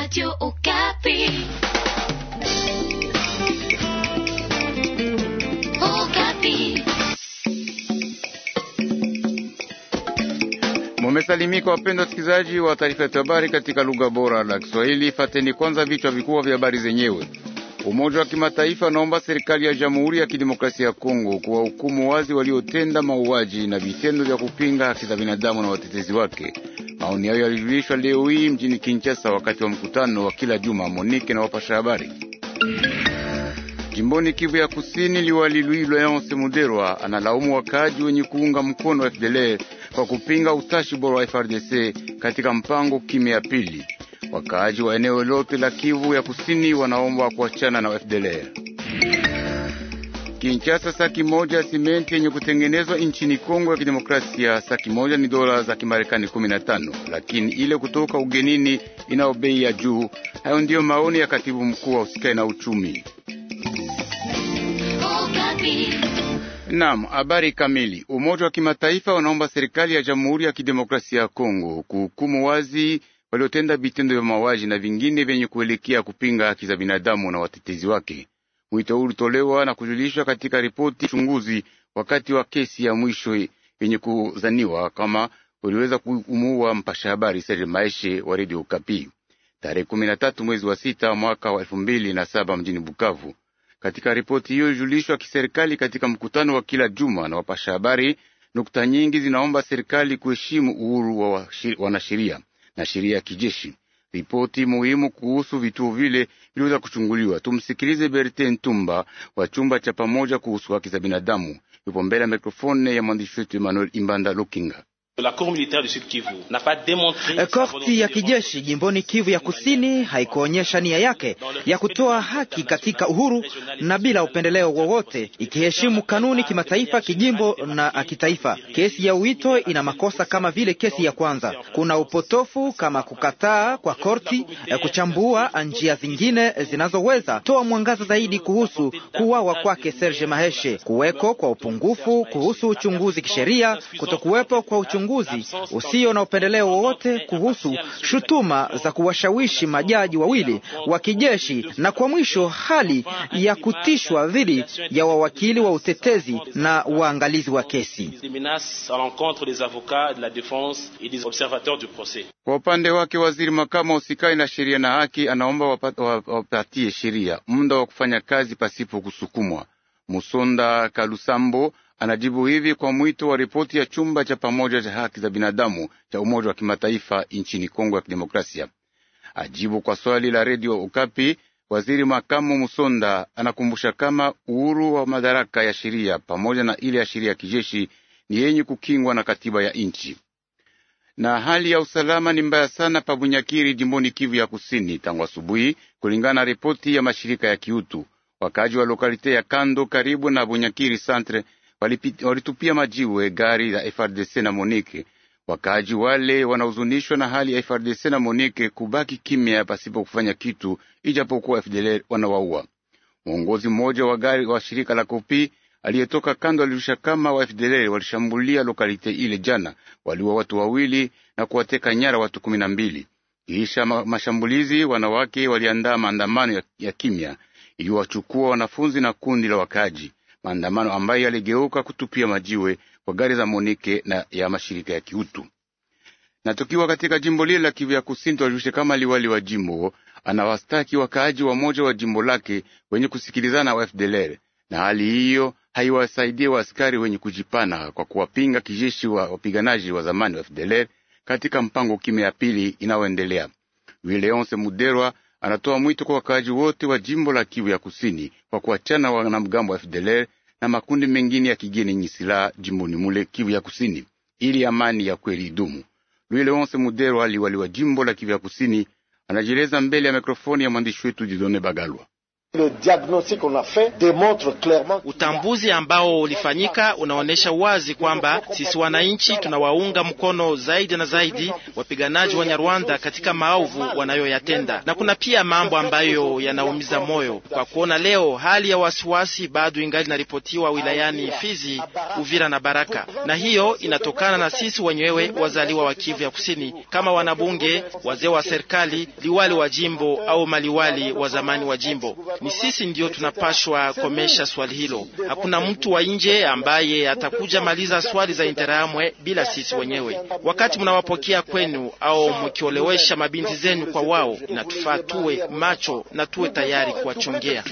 Radio Okapi. Okapi. Mumesalimika wapenda wasikilizaji wa taarifa ya habari katika lugha bora la Kiswahili. Fateni kwanza vichwa vikubwa vya habari zenyewe. Umoja wa Kimataifa naomba serikali ya Jamhuri ya Kidemokrasia ya Kongo kuwahukumu wazi waliotenda mauaji na vitendo vya kupinga haki za binadamu na watetezi wake. Maoni hayo yalijulishwa leo hii mjini Kinshasa wakati wa mkutano wa kila juma Monike na wapasha habari. Jimboni Kivu ya Kusini, liwali Louis Leonce Muderwa analaumu wakaaji wenye kuunga mkono FDLR kwa kupinga utashi bora wa FRDC katika mpango kimya ya pili. Wakaaji wa eneo lote la Kivu ya Kusini wanaomba kuachana na FDLR. kinchasa saki moja ya simenti yenye kutengenezwa nchini Kongo ya Kidemokrasia, saki moja ni dola za Kimarekani 15, lakini ile kutoka ugenini inayo bei ya juu. Hayo ndiyo maoni ya katibu mkuu wa usikai na uchumi. Naam, habari kamili. Umoja wa Kimataifa unaomba serikali ya Jamhuri ya Kidemokrasia ya Kongo kuhukumu wazi waliotenda vitendo vya mauaji na vingine vyenye kuelekea kupinga haki za binadamu na watetezi wake. Mwito huu ulitolewa na kujulishwa katika ripoti uchunguzi wakati wa kesi ya mwisho yenye kuzaniwa kama uliweza kumuua mpasha habari Serge Maeshe wa redio Kapi tarehe kumi na tatu mwezi wa sita mwaka wa elfu mbili na saba mjini Bukavu. Katika ripoti hiyo ilijulishwa kiserikali katika mkutano wa kila juma na wapasha habari, nukta nyingi zinaomba serikali kuheshimu uhuru wa wanasheria na sheria ya kijeshi. Ripoti muhimu kuhusu vituo vile viliweza kuchunguliwa. Tumsikilize Berte Ntumba wa chumba cha pamoja kuhusu haki za binadamu, yupo mbele ya mikrofone ya mwandishi wetu Emmanuel Imbanda Lukinga. La du Sud Kivu, na pas korti euh, ya kijeshi jimboni Kivu ya Kusini haikuonyesha nia yake ya kutoa haki katika uhuru na bila upendeleo wowote, ikiheshimu kanuni kimataifa, kijimbo na kitaifa. Kesi ya uwito ina makosa kama vile kesi ya kwanza. Kuna upotofu kama kukataa kwa korti eh, kuchambua njia zingine zinazoweza toa mwangaza zaidi kuhusu kuwawa kwake Serge Maheshe, kuweko kwa upungufu kuhusu uchunguzi kisheria, kutokuwepo kwa uchunguzi uchunguzi usio na upendeleo wowote kuhusu shutuma za kuwashawishi majaji wawili wa kijeshi, na kwa mwisho hali ya kutishwa dhidi ya wawakili wa utetezi na waangalizi wa kesi. Kwa upande wake, waziri makamu usikai na sheria na haki anaomba wapatie sheria muda wa kufanya kazi pasipo kusukumwa. Musonda Kalusambo anajibu hivi kwa mwito wa ripoti ya chumba cha pamoja cha haki za binadamu cha Umoja wa Kimataifa nchini Kongo ya Kidemokrasia. Ajibu kwa swali la redio Ukapi, waziri makamu Musonda anakumbusha kama uhuru wa madaraka ya sheria pamoja na ile ya sheria ya kijeshi ni yenye kukingwa na katiba ya nchi. Na hali ya usalama ni mbaya sana pa Bunyakiri, jimboni Kivu ya Kusini tangu asubuhi, kulingana na ripoti ya mashirika ya kiutu. Wakaaji wa lokalite ya Kando karibu na Bunyakiri centre walitupia majiwe eh, gari la FRDC na Monique. Wakaaji wale wanahuzunishwa na hali ya FRDC na Monike kubaki kimya pasipo kufanya kitu, ijapokuwa FDL wanawaua. Mwongozi mmoja wa gari wa shirika la Kopi aliyetoka kando alirusha kama wa FDL walishambulia lokalite ile jana, waliwa watu wawili na kuwateka nyara watu kumi na mbili. Kisha mashambulizi, wanawake waliandaa maandamano ya, ya kimya iliwachukua wanafunzi na kundi la wakaji maandamano ambayo yaligeuka kutupia majiwe kwa gari za Monike na ya mashirika ya kiutu. Na tukiwa katika jimbo lile la Kivu ya Kusini, twajulishe kama liwali wa jimbo anawastaki wakaaji wa moja wa jimbo lake wenye kusikilizana wa FDLR, na hali hiyo haiwasaidie waaskari wenye kujipana kwa kuwapinga kijeshi wa wapiganaji wa zamani wa FDLR katika mpango kime ya pili inayoendelea. Wileonse Muderwa anatoa mwito kwa wakaaji wote wa jimbo la Kivu ya Kusini kwa kuachana wanamgambo wa FDLR na makundi mengine ya kigeni yenye silaha jimboni mule Kivu ya Kusini ili amani ya kweli idumu. Louis Leonce Mudero, aliwaliwa jimbo la Kivu ya Kusini, anajieleza mbele ya mikrofoni ya mwandishi wetu Didone Bagalwa. Le diagnostic on a fait démontre clairement. Utambuzi ambao ulifanyika unaonyesha wazi kwamba sisi wananchi tunawaunga mkono zaidi na zaidi wapiganaji wa Nyarwanda katika maovu wanayoyatenda, na kuna pia mambo ambayo yanaumiza moyo kwa kuona leo hali ya wasiwasi bado ingali inaripotiwa wilayani Fizi, Uvira na Baraka, na hiyo inatokana na sisi wenyewe wazaliwa wa Kivu ya Kusini kama wanabunge, wazee wa serikali, liwali wa jimbo au maliwali wa zamani wa jimbo ni sisi ndio tunapashwa komesha swali hilo. Hakuna mtu wa nje ambaye atakuja maliza swali za Interahamwe bila sisi wenyewe. Wakati mnawapokea kwenu au mkiolewesha mabinti zenu kwa wao, inatufaa tuwe macho na tuwe tayari kuwachongea.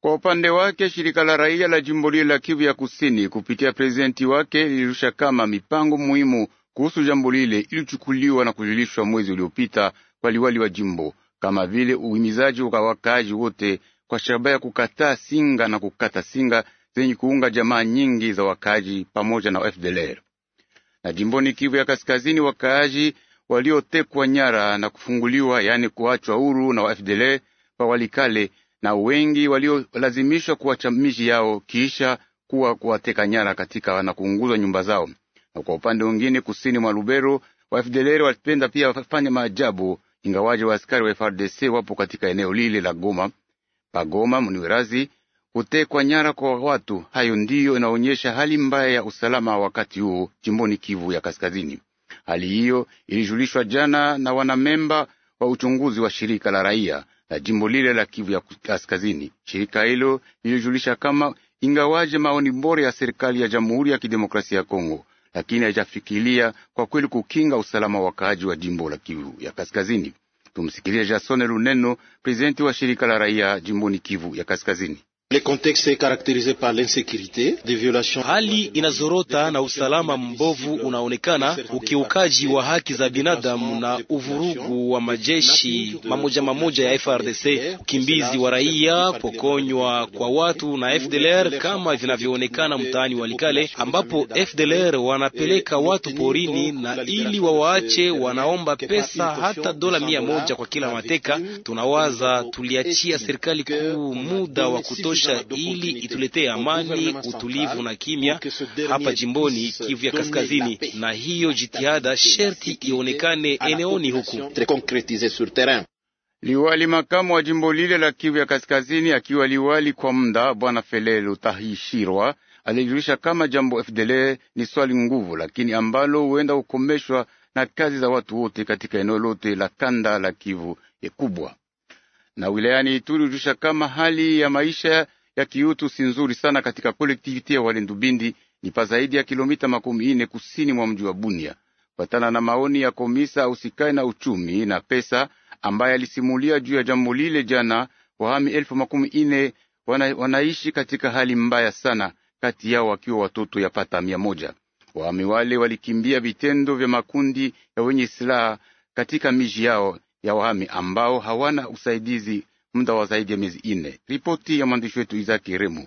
Kwa upande wake shirika la raia la jimbo lile la Kivu ya Kusini kupitia prezidenti wake lilirusha kama mipango muhimu kuhusu jambo lile ilichukuliwa na kujulishwa mwezi uliopita kwa liwali wa jimbo kama vile uhimizaji wa wakaaji wote kwa shabaha ya kukataa singa na kukata singa zenye kuunga jamaa nyingi za wakaaji pamoja na FDLR. Na jimboni Kivu ya Kaskazini, wakaaji waliotekwa nyara na kufunguliwa, yaani kuachwa huru na wa FDLR pa Walikale, na wengi waliolazimishwa kuacha miji yao kisha kuwa kuwateka nyara katika na kuunguzwa nyumba zao. Na kwa upande mwingine, kusini mwa Lubero, wa FDLR walipenda pia wafanye maajabu ingawaje waaskari wa frdc wapo katika eneo lile la Goma pagoma mniwerazi kutekwa nyara kwa watu. Hayo ndiyo inaonyesha hali mbaya ya usalama wakati huu jimboni Kivu ya Kaskazini. Hali hiyo ilijulishwa jana na wanamemba wa uchunguzi wa shirika la raia la jimbo lile la Kivu ya Kaskazini. Shirika hilo lilijulisha kama ingawaje maoni bora ya serikali ya Jamhuri ya Kidemokrasia ya Kongo lakini haijafikilia kwa kweli kukinga usalama wa wakaaji wa jimbo la Kivu ya Kaskazini. Tumsikilie Jasone Luneno, prezidenti wa shirika la raia jimboni Kivu ya Kaskazini. Hali inazorota na usalama mbovu unaonekana, ukiukaji wa haki za binadamu na uvurugu wa majeshi mamoja mamoja ya FRDC, ukimbizi wa raia, pokonywa kwa watu na FDLR kama vinavyoonekana mtaani wa likale ambapo FDLR wanapeleka watu porini na ili wawaache wanaomba pesa hata dola mia moja kwa kila mateka. Tunawaza tuliachia serikali kuu muda wa kutosha kutosha ili ituletee amani, utulivu na kimya hapa jimboni Kivu ya Kaskazini, na hiyo jitihada sherti ionekane eneoni huku. Liwali makamu wa jimbo lile la Kivu ya Kaskazini, akiwa liwali kwa muda, bwana Felelo Tahishirwa alijulisha kama jambo FDL ni swali nguvu, lakini ambalo huenda kukomeshwa na kazi za watu wote katika eneo lote la kanda la Kivu kubwa na wilayani Ituri ujusha kama hali ya maisha ya kiutu si nzuri sana katika kolektiviti ya Walendubindi ni pa zaidi ya kilomita makumi ine kusini mwa mji wa Bunia, patana na maoni ya komisa ausikae na uchumi na pesa ambaye alisimulia juu ya jambo lile jana. Wahami elfu makumi ine wana, wanaishi katika hali mbaya sana, kati yao wakiwa watoto yapata mia moja. Wahami wale walikimbia vitendo vya makundi ya wenye silaha katika miji yao ya wahami ambao hawana usaidizi muda wa zaidi ya miezi ine. Ripoti ya mwandishi wetu Izaki Remu.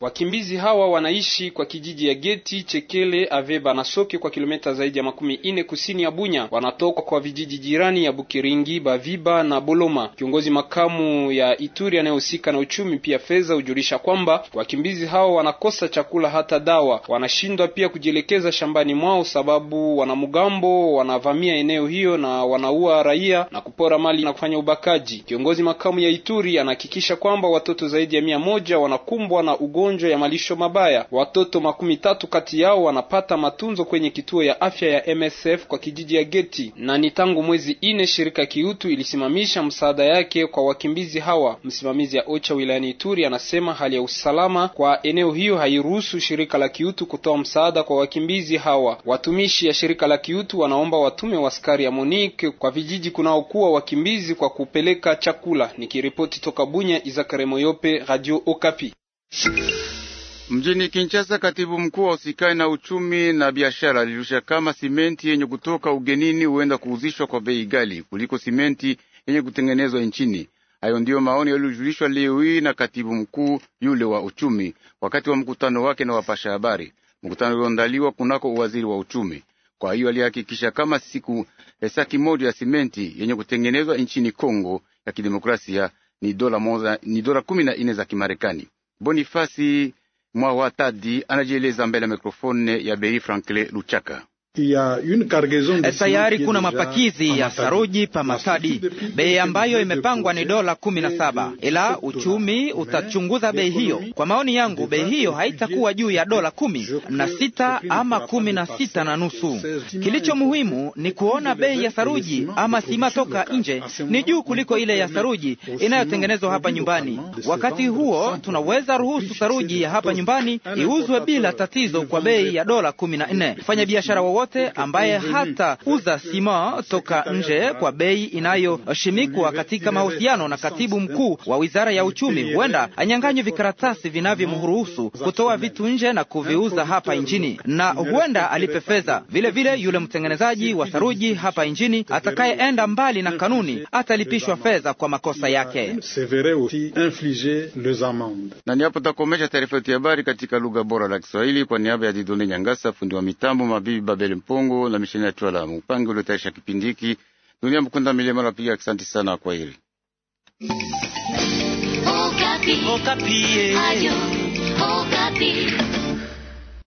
Wakimbizi hawa wanaishi kwa kijiji ya Geti, Chekele, Aveba na Soke kwa kilomita zaidi ya makumi ine kusini ya Bunya. Wanatoka kwa vijiji jirani ya Bukiringi, Baviba na Boloma. Kiongozi makamu ya Ituri anayehusika na uchumi pia fedha hujulisha kwamba wakimbizi hawa wanakosa chakula hata dawa. Wanashindwa pia kujielekeza shambani mwao sababu wanamgambo wanavamia eneo hiyo na wanaua raia na kupora mali na kufanya ubakaji. Kiongozi makamu ya Ituri anahakikisha kwamba watoto zaidi ya mia moja wanakumbwa na ugonjwa magonjwa ya malisho mabaya. Watoto makumi tatu kati yao wanapata matunzo kwenye kituo ya afya ya MSF kwa kijiji ya Geti, na ni tangu mwezi ine shirika Kiutu ilisimamisha msaada yake kwa wakimbizi hawa. Msimamizi ya OCHA wilayani Ituri anasema hali ya usalama kwa eneo hiyo hairuhusu shirika la Kiutu kutoa msaada kwa wakimbizi hawa. Watumishi ya shirika la Kiutu wanaomba watume wa ya MONUC kwa vijiji kunaokuwa wakimbizi kwa kupeleka chakula. Nikiripoti toka Bunya, Izakare Moyope, Radio Okapi. Mjini Kinshasa, katibu mkuu wa usikai na uchumi na biashara alijulisha kama simenti yenye kutoka ugenini huenda kuuzishwa kwa bei ghali kuliko simenti yenye kutengenezwa nchini. Hayo ndiyo maoni yaliyojulishwa leo hii na katibu mkuu yule wa uchumi wakati wa mkutano wake na wapasha habari, mkutano ulioandaliwa kunako uwaziri wa uchumi. Kwa hiyo alihakikisha kama siku hesaki eh, moja ya simenti yenye kutengenezwa nchini Kongo ya Kidemokrasia ni dola moja, ni dola kumi na nne za Kimarekani. Bonifasi Mwawatadi anajieleza mbele ya mikrofone ya Beri Franklin Luchaka. Tayari kuna mapakizi ya saruji pa Matadi. Bei ambayo imepangwa ni dola kumi na saba, ila uchumi utachunguza bei hiyo. Kwa maoni yangu, bei hiyo haitakuwa juu ya dola kumi na sita ama kumi na sita na nusu. Kilicho muhimu ni kuona bei ya saruji ama sima toka nje ni juu kuliko ile ya saruji inayotengenezwa hapa nyumbani. Wakati huo tunaweza ruhusu saruji ya hapa nyumbani iuzwe bila tatizo kwa bei ya dola kumi na nne. Mfanya biashara wowote yoyote ambaye hatauza sima toka nje kwa bei inayoshimikwa katika mahusiano na katibu mkuu wa wizara ya uchumi, huenda anyang'anywe vikaratasi vinavyomruhusu kutoa vitu nje na kuviuza hapa nchini, na huenda alipe fedha vilevile. Yule mtengenezaji wa saruji hapa nchini atakayeenda mbali na kanuni atalipishwa fedha kwa makosa yake. Na ni hapo takomesha taarifa yetu ya habari katika lugha bora la Kiswahili, kwa niaba ya Didone Nyangasa, fundi wa mitambo, Mabibi Babe Daniel Mpongo na misheni ya Twala mupange kipindi hiki. Dunia Mkunda Milima Lapiga, asante sana kwa hili Okapi. Okapi. Eh.